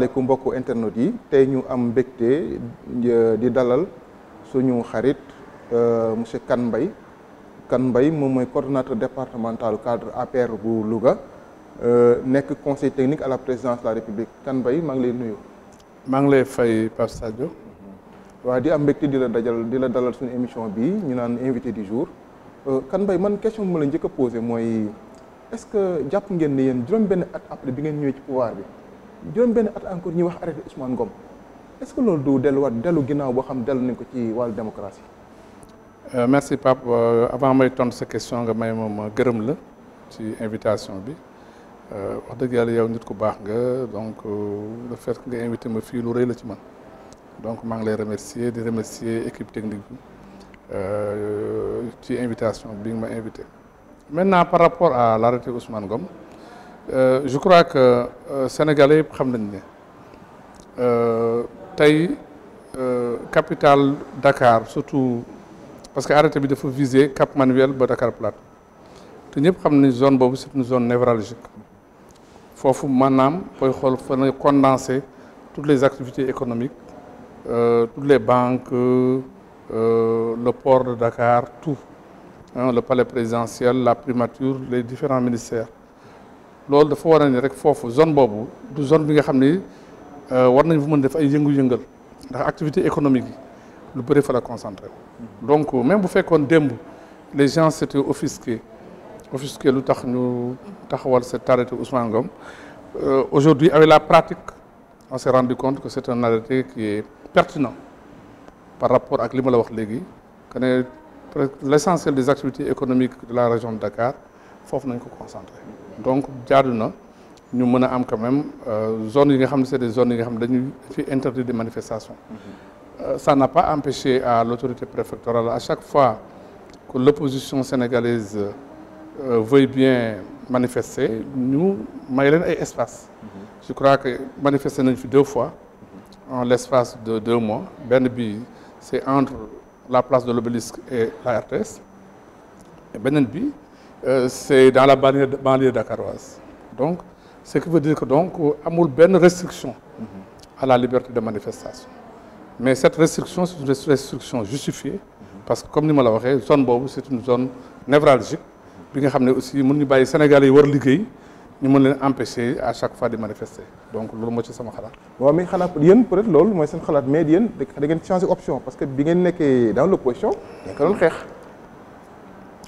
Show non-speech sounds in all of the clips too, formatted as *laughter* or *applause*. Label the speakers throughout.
Speaker 1: asalaamaaleykum mbokku internet yi tey ñu am mbégte euh, di dalal suñu xarit euh, monsieur Kane Mbaye Kane Mbaye moom mooy coordonnateur départemental cadre APR bu Louga euh, nekk conseil technique à la présidence de la République Kane Mbaye ngi lay nuyu. maa ngi lay fay Pape Sadio. Mm-hmm. waaw di am mbégte di la dajal di la dalal suñu émission bi ñu naan invité di jour Kane Mbaye man question bi la njëkk a posé mooy est-ce que jàpp ngeen ne yéen juróom benn at après bi ngeen ñëwee ci pouvoir bi. juróom benn at encore ñuy wax arrêté Ousmane Ngom est-ce que loolu du delluwaat dellu ginnaaw boo xam dellu nañ ko ci wàllu démocratie.
Speaker 2: Euh, merci Pape euh, avant may tontu sa question nga may moom gërëm la ci invitation bi euh, wax dëgg yàlla yow nit ku baax nga donc le fait que nga invité ma fii lu rëy la ci man donc maa ngi lay remercier di remercier équipe technique bi ci invitation bi nga ma invité maintenant par rapport à l'arrêté Ousmane Ngom. Euh, je crois que euh, sénégalais yëpp xam la euh, capitale Dakar surtout parce que arrêté de viser Cap Manuel et Dakar plate zone c'est une zone névralgique Il faut que toutes les activités économiques toutes les banques le port de Dakar tout hein, le palais présidentiel la primature les différents ministères loolu dafa war a ni rek foofu zone boobu du zone bi nga xam ni euh, war nañ mën def ay yëngu-yëngal ndax activité économique yi lu bëri fa la concentré donc même bu fekkoon démb les gens c' étaient offusqués offusqués lu tax ñu taxawal cet arrêté Ousmane Ngom euh, aujourd'hui avec la pratique on s' est rendu compte que c' est un arrêté qui est pertinent par rapport ak li ma la wax léegi que ne l' essentiel des activités économiques de la région de Dakar foofu nañ ko concentré donc nous ñu quand même euh, zone yi des zones euh, ça n'a pas empêché à l'autorité préfectorale à chaque fois que l'opposition sénégalaise euh, veut bien manifester nous may espace mhm. je crois que manifester deux fois en l'espace de deux mois Ben c'est entre la place de l'obélisque et la RTS ben, bi euh, c'est dans la banlieue, banlieue dakaroise. Donc, ce qui veut dire que donc, a ben restriction à la liberté de manifestation. Mais cette restriction, c'est une restriction justifiée, parce que comme nous l'avons dit, zone Bobo, c'est une zone névralgique. Puis nous savons aussi, les Sénégalais qui ont nous les empêcher à chaque fois de manifester. Donc, c'est ce que je pense.
Speaker 1: Oui, mais vous, peut-être c'est ce que je pense, mais vous avez changé d'option, parce que quand vous êtes dans l'opposition,
Speaker 2: vous avez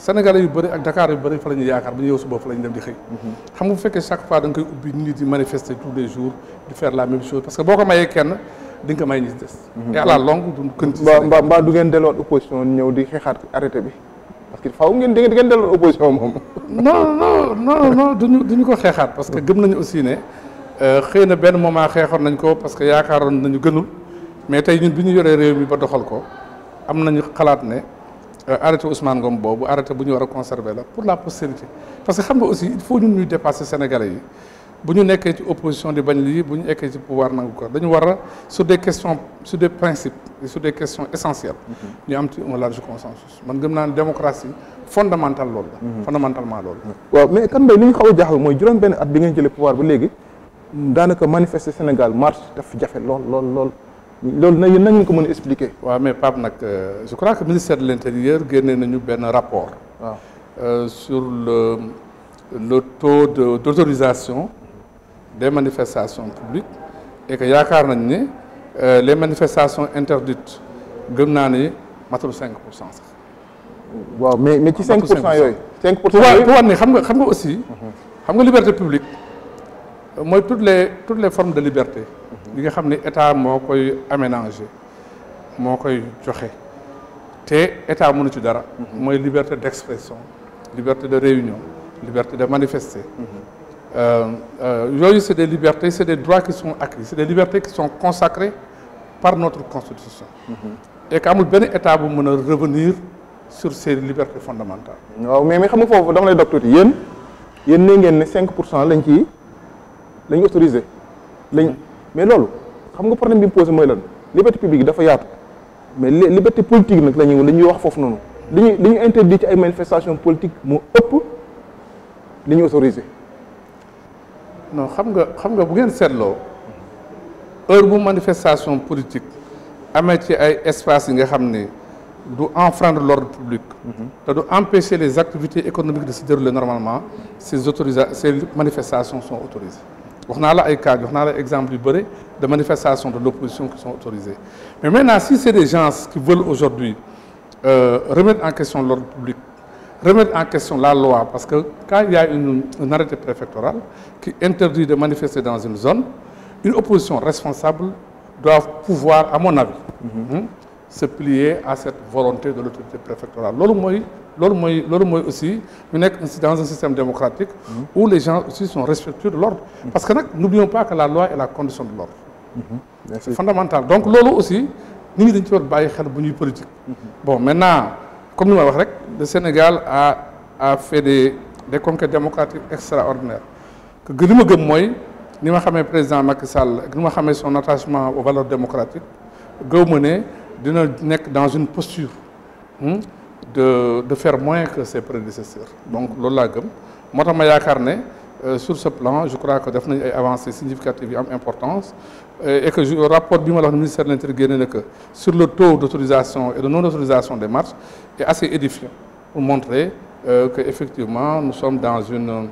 Speaker 2: Sénégalais yu bari ak Dakar yu bari fa la yaakar bu suba fa la dem chaque fois da nga koy nit di manifester tous les jours di faire la même chose parce que kenn di nga may ñi mhm. et à la longue du du opposition di arrêté bi parce que faaw ngeen opposition moom *laughs* non non non non duñu ko parce que gëm nañu aussi euh, na moment nañ ko parce que nañu gënul mais ñun ñu réew mi ba doxal ko am nañu ne euh, arrêtez Ousmane Gombo, arrêtez arrêté nous conserver pour la postérité parce que aussi il faut nous dépasser Sénégalais Si nous sommes en opposition pouvoir sur des questions sur des principes et sur des questions essentielles. Nous avons un large consensus man gëm une démocratie fondamentale mhm. fondamentalement
Speaker 1: mais quand nous pouvoir manifester Sénégal
Speaker 2: expliquer. Euh, je crois que le ministère de l'Intérieur a eu un rapport. Euh, sur le taux d'autorisation des manifestations publiques et que nañ euh, les manifestations interdites gëm naa 5
Speaker 1: mais mais ci 5 yoy 5 pour pour wane aussi. Mhm.
Speaker 2: xam liberté publique Moi toutes les formes de liberté bi nga que l'État état aménagé, koy aménager moo koy joxe te état mënu ci mhm. liberté d'expression liberté de réunion liberté de manifester Ce mhm. euh, euh, c'est des libertés c'est des droits qui sont acquis c'est des libertés qui sont consacrées par notre constitution mhm. et quand a un état bu peut revenir sur ces libertés fondamentales
Speaker 1: mais mais xam nga foofu les docteurs, il tuuti yéen yéen ne ngeen mais loolu xam nga problème bi mu posé lan liberté publique dafa yaatu mais liberté politique nak la ñuy wax fofu nonu. li interdit ci ay manifestation politique mo ëpp
Speaker 2: li autoriser. autorisé non xam nga xam nga bu ngeen heure bu manifestation politique amé ci ay espaces yi nga xam enfreindre l'ordre public mhm. te empêcher les activités économiques de se dérouler normalement ces ces manifestations sont autorisées on a l'exemple ay de manifestations de l'opposition qui sont autorisées mais maintenant si c'est des gens qui veulent aujourd'hui euh, remettre en question l'ordre public remettre en question la loi parce que quand il y a une, arrêté préfectoral qui interdit de manifester dans une zone une opposition responsable doit pouvoir à mon avis mm-hmm. se plier à cette volonté de l'autorité préfectorale loolu aussi dans un système démocratique mm-hmm. où les gens aussi sont respectueux de l'ordre mm-hmm. parce que n'oublions pas que la loi est la condition de l'ordre mm-hmm. c'est fondamental donc c'est aussi nit ñi dañ de faire bàyyi xel politique bon maintenant comme nous l'avons wax le Sénégal a fait des conquêtes démocratiques extraordinaires que li ma gëm mooy président Macky Sall nous son attachement aux valeurs démocratiques gëw dans une posture hmm, de faire moins que ses prédécesseurs donc c'est la gëm moo euh, sur ce plan je crois que y a avancé significativement en importance euh, et que le rapport du ministère de l'Intérieur que sur le taux d'autorisation et de non autorisation des marches est assez édifiant pour montrer qu'effectivement euh, que effectivement nous sommes dans une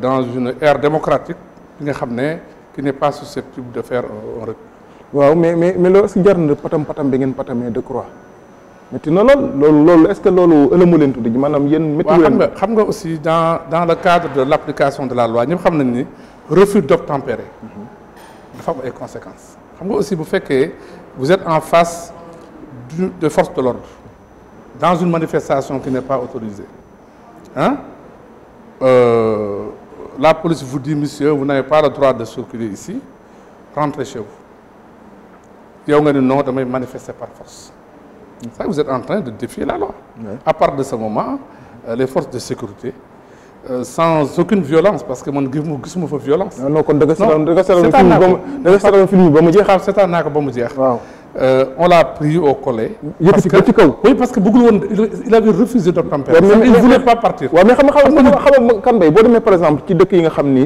Speaker 2: dans une ère démocratique qui n'est pas susceptible de faire un
Speaker 1: recul. mais mais mais patam patam de croix. Mais tu non, est-ce que c'est ëlëmu leen tudd ji maanaam
Speaker 2: aussi dans dans le cadre de l'application de la loi nous xam que le refus d'obtempérer
Speaker 1: est
Speaker 2: am conséquences aussi fait que vous êtes en face de force de l'ordre dans une manifestation qui n'est pas autorisée hein euh, la police vous dit monsieur vous n'avez pas le droit de circuler ici rentrez chez vous yow nga ni non de manifester par force vous êtes en train de défier la loi. À part de ce moment, euh, les forces de sécurité, euh, sans aucune violence parce que mon violence. non on l'a pris au collet. parce il avait refusé de camper. Il ne voulait pas partir. Oui, mais
Speaker 1: par exemple qui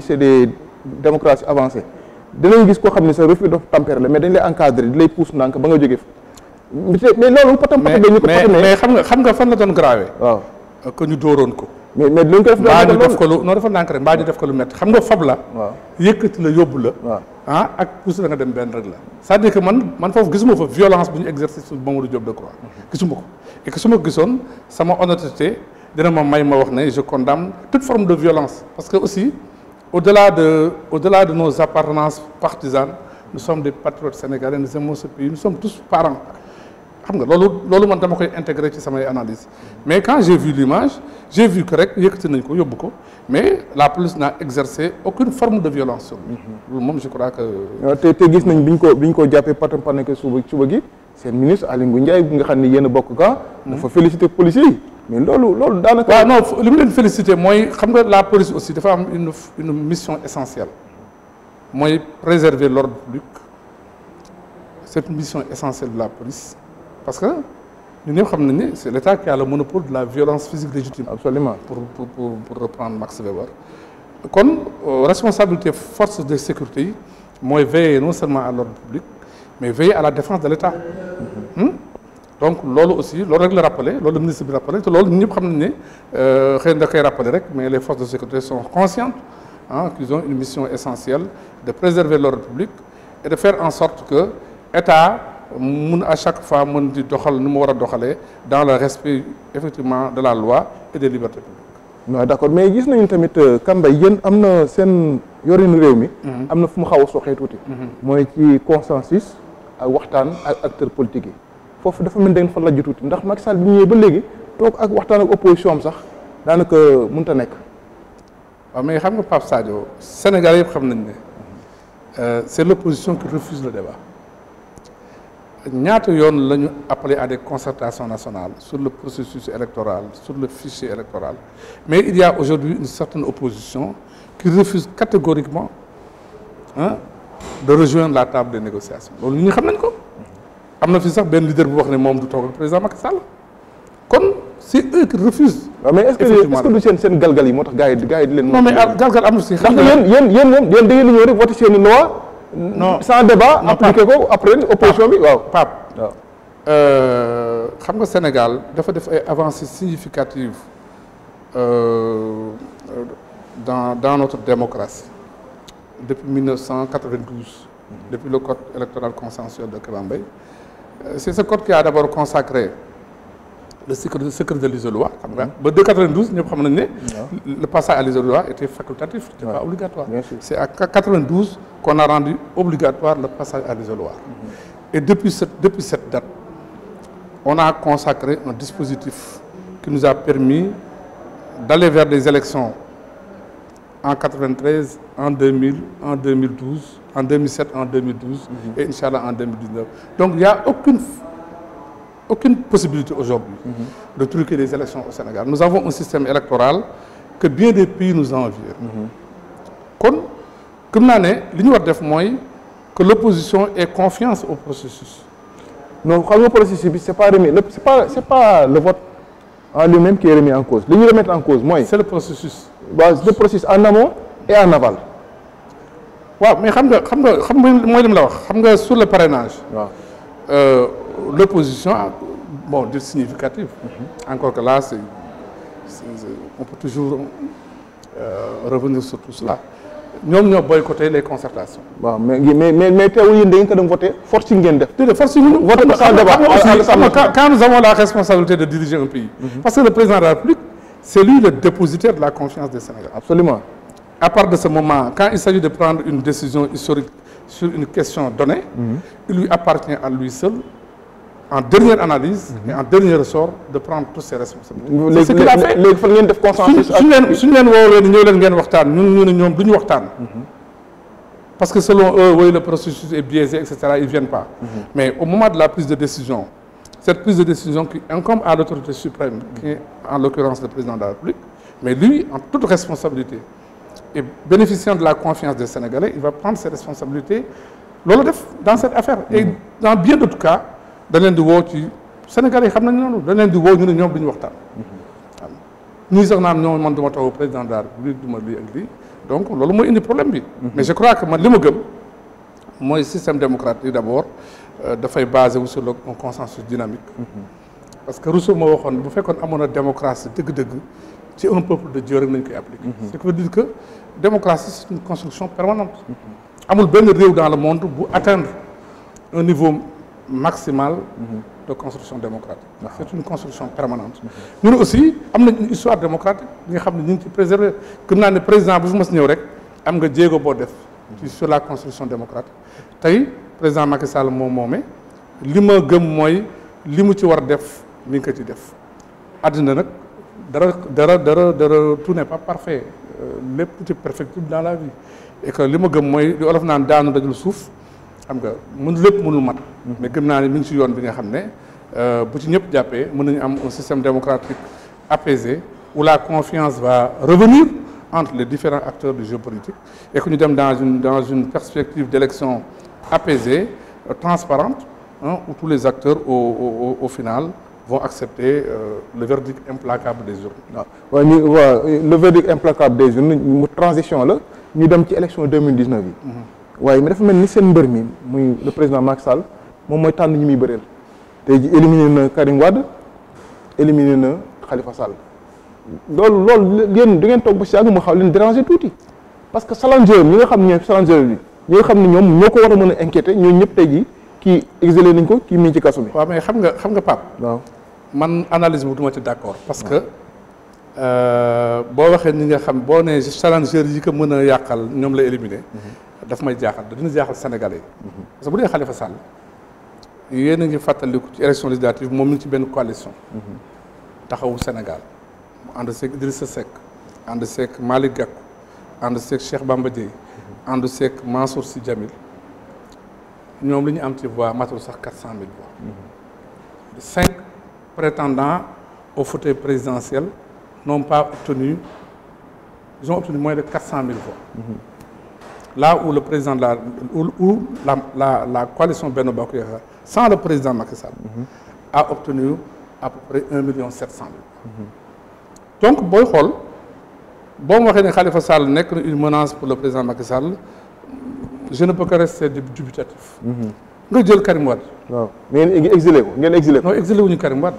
Speaker 1: c'est des démocraties avancées mais il encadrer les poussé mais loolu pas potam dañu
Speaker 2: ko mais xam nga xam nga fan la doon grawé. waaw Ko euh, ñu dóoroon ko. mais mais dinañ ko def mbaa ñu def ko lu non dafa nànk rek mbaa ñu def ko lu met. xam nga fab la. waaw la yobul la. ah ak pousse la nga dem ben rek la. Ça dire que man man foofu gisuma fa violence bu ñu exercer sur Mamadou Diop Decroix gisuma ko et que su ma sama honnêteté dina ma may ma wax ne je condamne toute forme de violence parce que aussi au-delà de au-delà de nos appartenances partisanes nous sommes des patriotes sénégalais nous aimons ce pays nous sommes tous parents xam nga loolu man dama koy intégré ci samay analyse mais quand j'ai vu l'image j'ai vu que rek yëkkati nañ ko yóbbu ko mais la police n'a exercé aucune forme de violence sur lui mhm. je crois que ah, te
Speaker 1: te gis nañ bi ko bi ñu ko jàppee patam par nekk suba suba gi seen ministre Aliou Ndiaye bi nga xam ne yéen a
Speaker 2: ka mhm. dafa félicité policiers mais loolu loolu daanaka waaw non li mu féliciter. félicité xam nga la police aussi dafa am une une mission essentielle mooy préserver l'ordre public C'est une mission essentielle de la police parce que nous savons que c'est l'État qui a le monopole de la violence physique légitime. Absolument. Pour, reprendre Max Weber. Comme euh, responsabilité forces de sécurité, moi, veiller non seulement à l'ordre public, mais veiller à la défense de l'État. Mm-hmm. Hmm? donc loolu aussi loolu rek le ministre rappelle rappelé te loolu ñëpp xam euh, mais les forces de sécurité sont conscientes hein, qu'ils ont une mission essentielle de préserver l'ordre public et de faire en sorte que l'État mun à chaque fois mën di doxal nu mu war a dans le respect effectivement de la loi et des libertés publiques.
Speaker 1: non d'accord mais gis nañu tamit euh, kamba yéen amna sen yorine yorinu réew mi. Mhm. am na xaw a touti moy mhm. ci consensus ak waxtaan ak acteurs politiques fofu dafa mel da fa lajju touti ndax Macky Sall bi ñëw ba légui tok ak waxtaan ak opposition am sax daanaka mënut ta nek
Speaker 2: waaw mais xam nga Pape Sadio Sénégalais yëpp xam nañ ne c' est l' qui refuse le débat ñaata yoon appelé à des concertations nationales sur le processus électoral sur le fichier électoral mais il y a aujourd'hui une certaine opposition qui refuse catégoriquement hein, de rejoindre la table des négociations ñu du président c'est eux qui refusent. mais est-ce que ce que
Speaker 1: non c'est
Speaker 2: sans débat. appliqué quoi après opposition bi waaw Pape. le euh, Sénégal a fait des avancées significatives euh, dans notre démocratie depuis 1992. depuis le code électoral consensuel de Kébambé. Euh, c'est ce code qui a d'abord consacré le secret, de de l'isoloir. En 1992, nous le passage à l'isoloir était facultatif, n'était pas obligatoire. C'est à 1992 qu'on a rendu obligatoire le passage à l'isoloir. Mm-hmm. Et depuis cette, date, on a consacré un dispositif qui nous a permis d'aller vers des élections en 1993, en 2000, en 2012, en 2007, en 2012 mm-hmm. et Inch'Allah en 2019. Donc il n'y a aucune aucune possibilité aujourd'hui mhm. de truquer les élections au Sénégal. Nous avons un système électoral que bien des pays nous envient. Comme mhm. comme nous ne li que l'opposition ait confiance au processus. non quand le processus ce pas remis le pas
Speaker 1: pas le vote en lui-même qui est remis en cause li ñu en cause c'est le processus. Bah,
Speaker 2: le processus en amont et en aval. Oui, mais xam nga xam nga xam sais, mooy sur le parrainage l'opposition, bon, du significatif. Mhm. Encore que là, on peut toujours euh, revenir sur tout cela. Nous, avons boycotté les concertations.
Speaker 1: mais mais mais mais
Speaker 2: quand nous avons la responsabilité de diriger un pays. Mhm. parce que le président de la République c'est lui le dépositaire de la confiance des Sénégalais. absolument à part de ce moment quand il s'agit de prendre une décision historique sur une question donnée. Mhm. il lui appartient à lui seul en dernière analyse et en dernier ressort de prendre toutes ses responsabilités. c'est ce qu'il a fait Les parce que selon eux le processus est biaisé etc. Ils ne viennent pas. mais au moment de la prise de décision cette prise de décision qui incombe à l'autorité suprême qui est en l'occurrence le président de la République mais lui en toute responsabilité et bénéficiant de la confiance des Sénégalais il va prendre ses responsabilités dans cette affaire. et dans bien d'autres cas dañ leen di woo ci Sénégal yi xam nañ loolu dañ leen di woo ñu ne ñoom duñu waxtaan hmm. waaw ñii sax naam ñoom man duma taxaw président de la République duma lii ak lii donc loolu mooy indi problème bi hmm. mais je crois que man li ma gëm mooy système démocratique d'abord euh, dafay basé wu sur le consensus dynamique hmm. parce que Rousseau moo waxoon bu fekkoon amoon na démocratie dëgg-dëgg ci un peuple de Dieu rek nañ koy appliquer ce qui veut dire que démocratie c'est une construction permanente amul benn réew dans le monde bu atteindre un niveau maximale de construction démocratique. C'est une construction permanente. Nous aussi, nous avons une histoire démocratique, nous avons préservé. Comme le président, vous me savez, nous avons Diego Bodef sur la construction démocratique. Aujourd'hui, le président Macky Sall m'a dit ce que je veux, ce que je faire, c'est ce le faire. dara dara dara tout n'est pas parfait euh, lépp ci perfectible dans la vie et que ce ma gëm mooy li olof naan daanu dajul nous ne mais euh, un système démocratique apaisé où la confiance va revenir entre les différents acteurs du géopolitique et que nous sommes dans une, dans une perspective d'élection apaisée, euh, transparente, hein, où tous les acteurs au, final vont accepter euh, le verdict implacable des urnes. Ah,
Speaker 1: le verdict implacable des urnes, une transition nous sommes dans l'élection 2019. waaye mi dafa mel ni seen mbër mi muy le président Macky Sall moom mooy tànn ñi muy bëreel tey ji éliminé na Karim Wade éliminé na Khalifa Sall lool loolu yéen da ngeen toog ba si yàgg mu xaw leen déranger tuuti parce que challenger ñi nga xam ne challenger bi ñi xam ne ñoom ñoo ko war a mën a
Speaker 2: inquiéter ñooñu ñëpp tey jii kii exilé nañ ko kii mii ci kaso bi. waaw mais xam nga xam nga Pape. waaw man analyse bi du ci d' accord parce que. Euh, bo waxee ñi nga xam bo nee challengeurs yi ko mëna yakal ñom ñoom la éliminer mm-hmm. daf may jaxal dina jaxal Sénégalais mm-hmm. parce que bu dé Khalifa Sall yéen ngi fàttaliku ci élection législative moom ngi ci benn coalition mm-hmm. taxawu Sénégal mu ànd seeg Idrissa Seck ànd seeg Malick Gakou ànd seeg Cheikh Bamba Dièye ànd seeg Mansour Sy Djamil ñoom li ñu am ci voix matul sax quatre cent mille voix cinq prétendants au fauteuil présidentiel n'ont pas obtenu, ils ont obtenu moins de 400 000 voix.
Speaker 3: Mm-hmm.
Speaker 2: Là où le président la, où, la, coalition Beno Bakuyaka, sans le président Macky Sall, mm-hmm. a obtenu à peu près 1 700 000. Donc, Boy Hall, bon, Khalifa Sall n'est une menace pour le président Macky Sall, je ne peux que rester dubitatif. Mm-hmm. Nga jël Karim Wade. waaw ngeen exilé Non, est exilé non exilé est Karim Wade.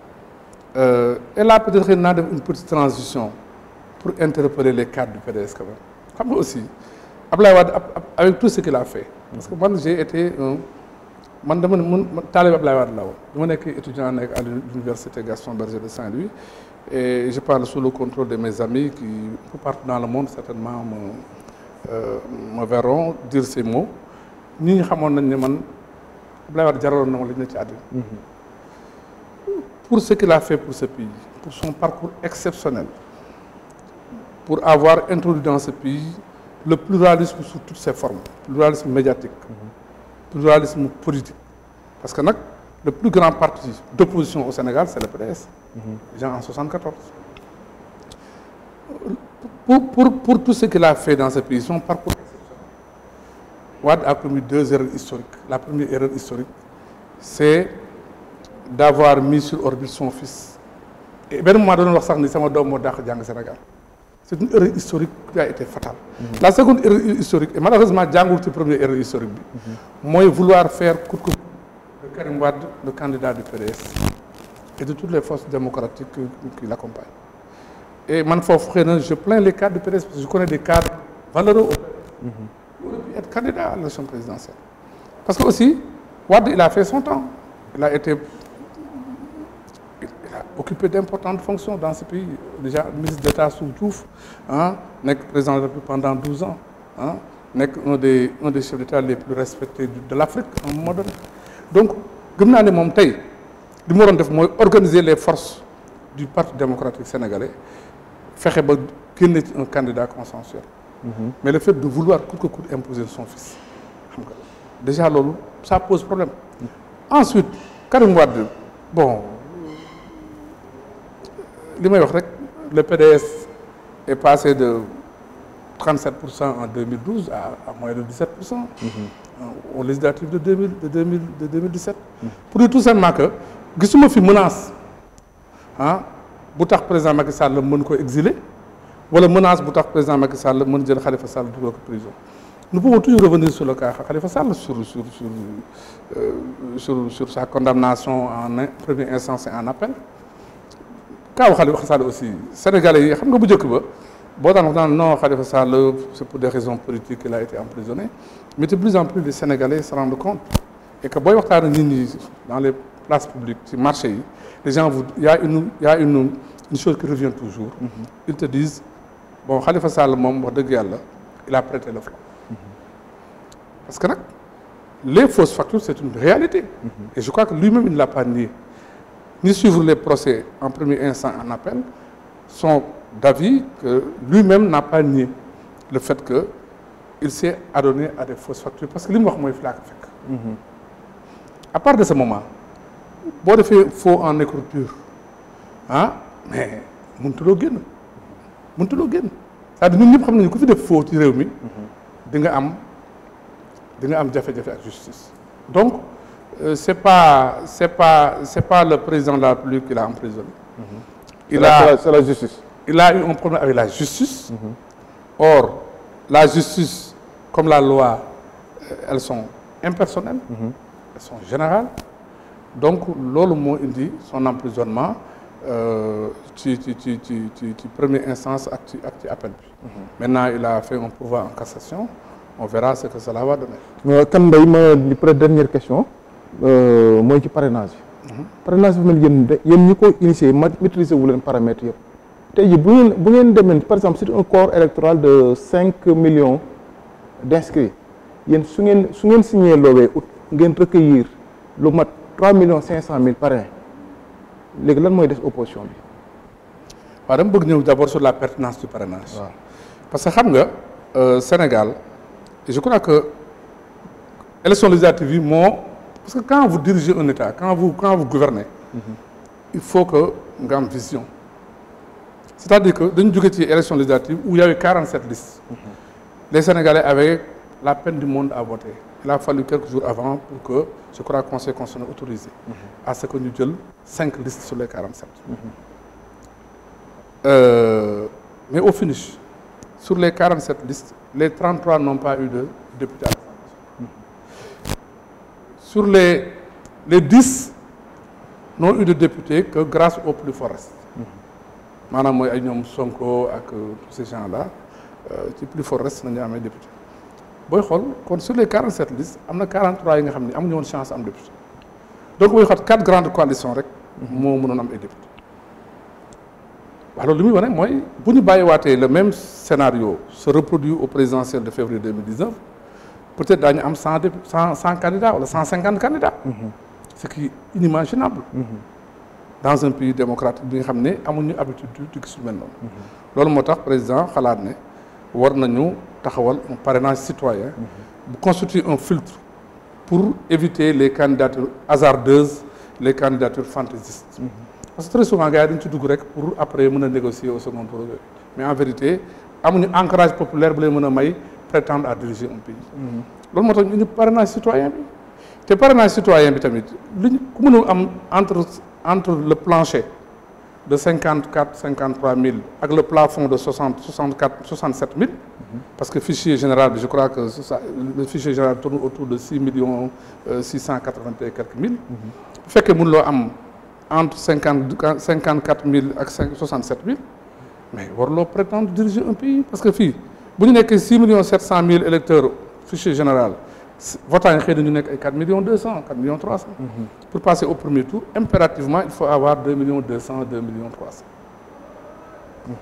Speaker 2: Euh, et là, peut-être qu'il y a une petite transition pour interpeller les cadres du PDS Comme moi aussi, avec tout ce qu'il a fait, parce que moi j'ai été un. là Je suis étudiant à l'université Gaston Berger de Saint-Louis et je parle sous le contrôle de mes amis qui, partout dans le monde, certainement me, euh, verront dire ces mots. Nous savons que Ablaïwad Diallo, nous l'avons fait pour ce qu'il a fait pour ce pays, pour son parcours exceptionnel, pour avoir introduit dans ce pays le pluralisme sous toutes ses formes, le pluralisme médiatique, le pluralisme politique. Parce que le plus grand parti d'opposition au Sénégal, c'est le PDS, déjà en 1974. Pour, pour, tout ce qu'il a fait dans ce pays, son parcours exceptionnel, Wad a commis deux erreurs historiques. La première erreur historique, c'est d'avoir mis sur orbite son fils et ben moi doon wax sax ni sama mon moo dàq Sénégal c'est une erreur historique qui a été fatale mhm. la seconde erreur historique et malheureusement c'est la première erreur historique mhm. Moi, vouloir faire Karim le candidat du PDS et de toutes les forces démocratiques qui l'accompagnent et man je plains les cadres du PDS parce que je connais des cadres valeureux au mhm. être candidat à l'élection présidentielle parce que aussi Wade il a fait son temps il a été occupé d'importantes fonctions dans ce pays. Déjà, ministre d'État sous Diouf, hein, n'est président de la pendant 12 ans, hein, un, des, un des chefs d'État les plus respectés de, l'Afrique, en Donc, nous avons que li nous avons def organiser les forces du parti démocratique sénégalais faire qu'il n'est un candidat consensuel. Mhm. mais le fait de vouloir coûte que coûte imposer son fils déjà ça pose problème. Mhm. ensuite Karim Wade bon le PDS est passé de 37 en 2012 à à moins de 17 mm-hmm. euh, au législatif de 2017. pour dire tout simplement que si fi menace ah menace, le président Macky Sall ko exiler wala menace président Macky Sall monde jël Khalifa Sall prison. nous pouvons toujours revenir sur le cas Khalifa Sall sur sur sur euh, sur sa condamnation en première instance et en appel. Il Khalifa Sall aussi sénégalais xam nga Khalifa Sall c'est pour des raisons politiques qu'il a été emprisonné mais de plus en plus les sénégalais se rendent compte et que nit dans les places publiques sur les gens il y a une chose qui revient toujours mm-hmm. ils te disent bon Khalifa Sall il a prêté le flanc
Speaker 3: mm-hmm.
Speaker 2: parce que les fausses factures c'est une réalité mm-hmm. et je crois que lui-même il ne l'a pas nié ni suivre les procès en premier instant en appel, sont d'avis que lui-même n'a pas nié le fait qu'il s'est adonné à des fausses factures parce que li mu wax mooy flac mhm. à part de ce moment boo fait faux en écriture hein? Ah, mais mënutuloo génn c'est-à-dire nous, ñëpp xam Nous ku fi def de ci réew mi mhm. di nga am di nga am jafe-jafe ak justice donc euh, ce c'est pas, le président de la République qui l'a emprisonné. Mhm. Il a, c'est la justice. Il a eu un problème avec la justice. Mhm. Or, la justice, comme la loi, euh, elles sont impersonnelles, mhm. elles sont générales. Donc, l'autre mot, il dit son emprisonnement, tu, tu, tu, tu, première instance, Maintenant, il a fait un pouvoir en cassation. On verra ce que cela va donner.
Speaker 1: dernière euh, question. Euh, moy ci parrainage bi. Mhm. parrainage bi mel yéen yéen ñi ko initié maîtriser wu len paramètres bu ngeen bu ngeen demen par exemple c'est un corps électoral de 5 millions d'inscrits Il su ngeen su ngeen signé loowee out ngeen recueillir lu mat 3 millions 500 000 mille parrains lan des
Speaker 2: opposition bi. waaw dama bëgg ñëw d'abord sur la pertinence du parrainage. parce que xam nga euh, Sénégal je crois que élection législative activités moo. Parce que quand vous dirigez un État, quand vous, quand vous gouvernez, il faut que une une vision c'est-à-dire que dans une élection législative où il y avait 47 listes les Sénégalais avaient la peine du monde à voter il a fallu quelques jours avant pour que je crois conseil constitutionnel autorisé à ce que nous 5 listes sur les 47 euh, mais au finish sur les 47 listes les 33 n'ont pas eu de député sur les, les 10 n'ont eu de députés que grâce au plus fort. Madame mooy ay ñoom Sonko ak tous ces gens-là euh, ci plus forest nous avons député députés. xool kon sur les 47 listes am eu 43 yi nga une chance am député donc y a quatre grandes coalitions rek ont eu am députés. député le même scénario se reproduit au présidentiel de février 2019 peut-être a am 100 100 candidats ou 150 candidats. Mm-hmm. ce qui est inimaginable. Mm-hmm. dans un pays démocratique bi nga une amuñu habitude de gis lu mel noonu. Mm-hmm. président xalaat ne war nañu un parrainage citoyen. pour constituer un filtre pour éviter les candidatures hasardeuses les candidatures fantaisistes. c'est très souvent gars yi dañu ci pour après négocier au second projet mais en vérité amuñu ancrage populaire bu lay mën prétendre à diriger un pays. Mm -hmm. Donc, nous sommes citoyens. Et parrainage citoyen, entre, entre le plancher de 54 53 000 avec le plafond de 60, 64, 67 000, parce que le fichier général, je crois que le fichier général tourne autour de 6 millions, 680 fait que nous sommes entre 54 000 et 67 000, mais nous prétendre diriger un pays, parce que fille, vous n'avez a 6 millions 700 000 électeurs, fichier général, votant est 4 200 4 300 000. Pour passer au premier tour, impérativement, il faut avoir 2 200 000, 2 300 000.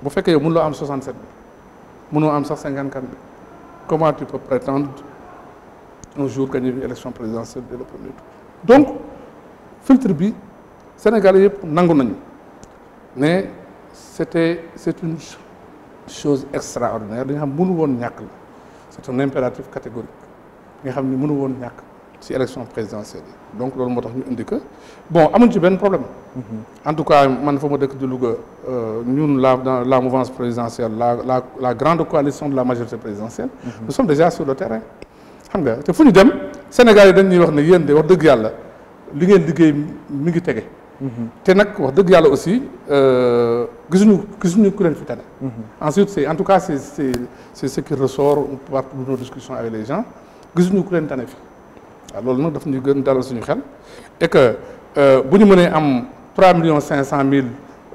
Speaker 2: vous faites que vous avez 67 000, vous avez 154 000, comment tu peux prétendre un jour a une élection présidentielle dès le premier tour Donc, filtre B, Sénégalais, nous avons Mais c'est une chose chose extraordinaire Nous xam c'est un impératif catégorique Nous avons élection présidentielle donc le mot ñu que bon amuñ ci un problème mm-hmm. en tout cas man fa que nous di euh, ñun dans la mouvance présidentielle la la la grande coalition de la majorité présidentielle mm-hmm. nous sommes déjà sur le terrain xam nga te fu ñu dem Sénégal dañuy wax de wax dëgg li ngeen Mhm. te nag wax dëgg yàlla aussi euh, gisuñu gisuñu ku leen fi tane. Mhm. ensuite c'est, en tout cas c'est, c'est, ce qui ressort par nos discussions avec les gens gisuñu ku leen tane fi waaw loolu nag daf ñu gën dalal suñu xel et que euh, bu ñu mënee am 3 millions 500 mille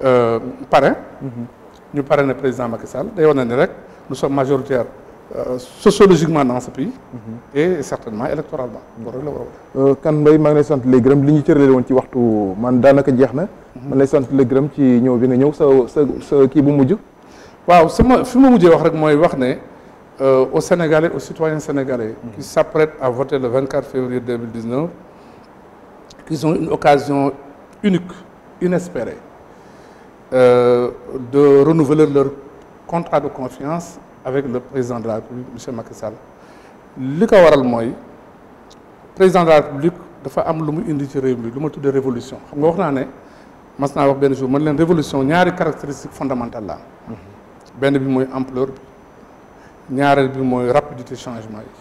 Speaker 2: euh, parrains. Mhm. ñu parrainé président Macky Sall day wane ne rek nous sommes majoritaires. Euh, sociologiquement dans ce pays. Mhm. et certainement électoralement. quand vous avez war
Speaker 1: les wax. qui Mbaye maa vous lay de léegi gërëm li ñu cërale woon ci waxtu man daanaka qui na. Mhm. man lay sant léegi gërëm
Speaker 2: ci ñëw bi que ñëw Ce que sa bu dire, euh, aux Sénégalais aux citoyens sénégalais. Mhm. qui s'apprêtent à voter le 24 février 2019. qu'ils ont une occasion unique inespérée euh, de renouveler leur contrat de confiance avec le président de la République monsieur Macky Sall li waral le président de la République dafa am lu mu indi ci y mi une révolution xam nga wax caractéristiques fondamentales. mas wax jour révolution ñaari caractéristique fondamentale la
Speaker 3: mhm.
Speaker 2: benn bi ampleur bi bi mooy rapidité changement yi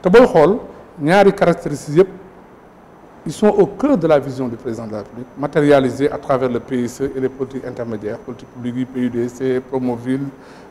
Speaker 2: te booy ñaari caractéristiques ils sont au cœur de la vision du président de la République matérialisée à travers le PSE et les politiques intermédiaires politiques publiques PUDC Promoville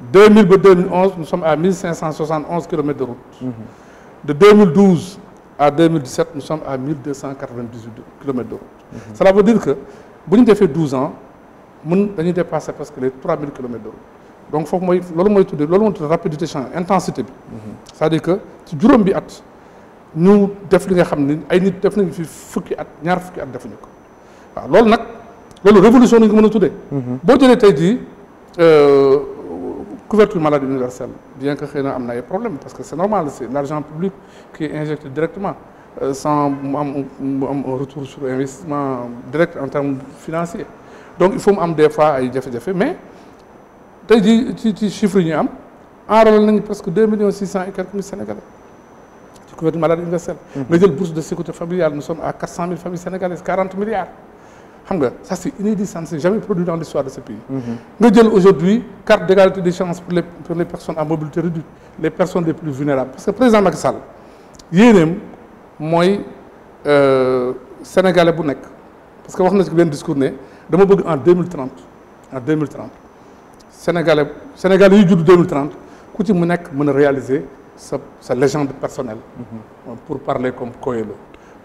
Speaker 2: 2000 2011 nous sommes à 1571 km de route. Mhm. de 2012 à 2017 nous sommes à 1298 km de route. Mhm. cela veut dire que nous avons fait 12 ans nous avons dépasser presque les 3000 km. de route. donc il faut que nous tuddee rapidité l'intensité. intensité mhm. c'est-à-dire que si nous bi nous nous def li nga xam ay nit nañu fukki at ñaar fukki révolution que nous a couverture maladie universelle bien que nous na des problème parce que c'est normal c'est l'argent public qui est injecté directement euh, sans un retour sur investissement direct en termes financiers donc il faut mu am des fois ay mais tu jii tu chiffres nous avons presque 2,6 millions et quelques sénégalais couverture maladie universelle mais Mais le bourse de sécurité familiale nous sommes à 400 000 familles sénégalaises 40 milliards ça c'est inédit ça ne s'est jamais produit dans l'histoire de ce pays mm-hmm. nga jël aujourd'hui carte d'égalité des chances pour les pour les personnes à mobilité réduite les personnes les plus vulnérables parce que président Macky Sall yéeneem euh, sénégalais bu parce que vous ci que discours viens dama bëgg en 2030 en 2030 sénégalais sénégalais yu 2030 ku ci réaliser sa légende personnelle mm-hmm. pour parler comme Coelho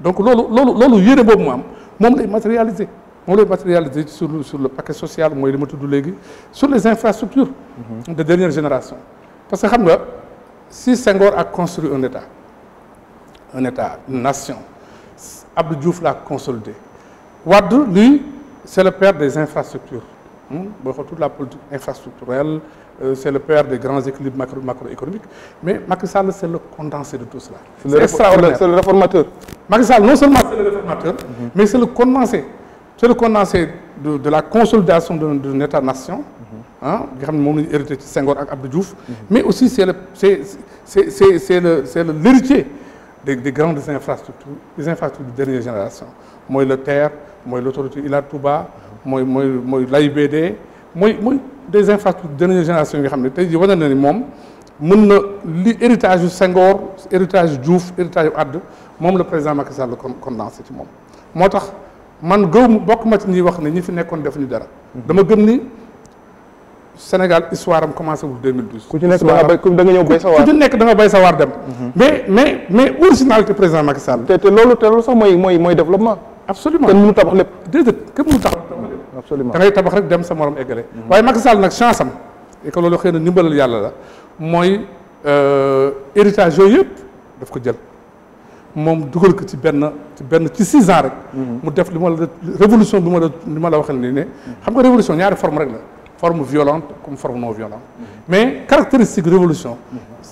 Speaker 2: donc loolu loolu loolu yéene c'est am je lay on les matériel sur le sur le paquet social sur les infrastructures. Mhm. de dernière génération. parce que si Senghor a construit un état un état une nation Abdou Diouf l'a consolidé Wade lui c'est le père des infrastructures hmm? boo toute la politique infrastructurelle euh, c'est le père des grands équilibres macro macroéconomiques mais Macky Sall c'est le condensé de tout cela. c'est c'est le réformateur. Macky Sall non seulement c'est le réformateur. Mhm. mais c'est le condensé c'est le condensé de, la consolidation d'une État-nation mhm. hein, nga xam ne Senghor et Abdou mhm. mais aussi c'est le le le l'héritier des grandes infrastructures des infrastructures de dernière génération mooy le terre, mooy l'autoroute Ila Touba mhm. mooy mooy mooy l'AIBD mooy mooy des infrastructures de dernière génération Je nga dire ne tey jii ni héritage Senghor héritage Diouf héritage yu Abdou le président Macky Sall le condensé ci man gëw bokk ma ci ñuy wax ni ñi fi nekkoon def ñu dara. dama gëm ni Sénégal histoire am commencé wul 2012. ku ci nekk da nga bay da nga ñëw bay sa war ku ci nekk da nga bay sa war dem. Mhm. mais mais mais originalité président Macky Sall. té te loolu te loolu sax moy mooy mooy développement. absolument kenn mënu tabax lepp lépp. déedéet kenn mu tabax absolument da ngay tabax rek dem sa morom égalé mhm. waaye Macky Sall nag chance am. et que loolu xëy nimbalal yalla la moy euh héritage yooyu yëpp daf ko jël mom dugal ko ci ben ci ben ci 6 ans rek mhm. mu def li ma la révolution bi ma la li ma waxal ni ne mhm. xam nga révolution ñaari forme rek la forme violente comme forme non violente mhm. mais caractéristique révolution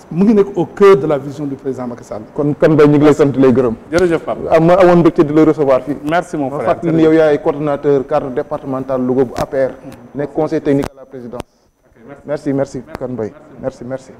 Speaker 2: mu ngi au cœur de la vision du président Macky Sall kon kon bay ñu ngi lay sant lay gërëm jërëjëf Pape ma
Speaker 1: amoon mbégte di la recevoir fi merci mon frère ma ni yow yaay coordinateur cadre départemental Louga APR nek conseil technique à la présidence merci merci kon bay merci merci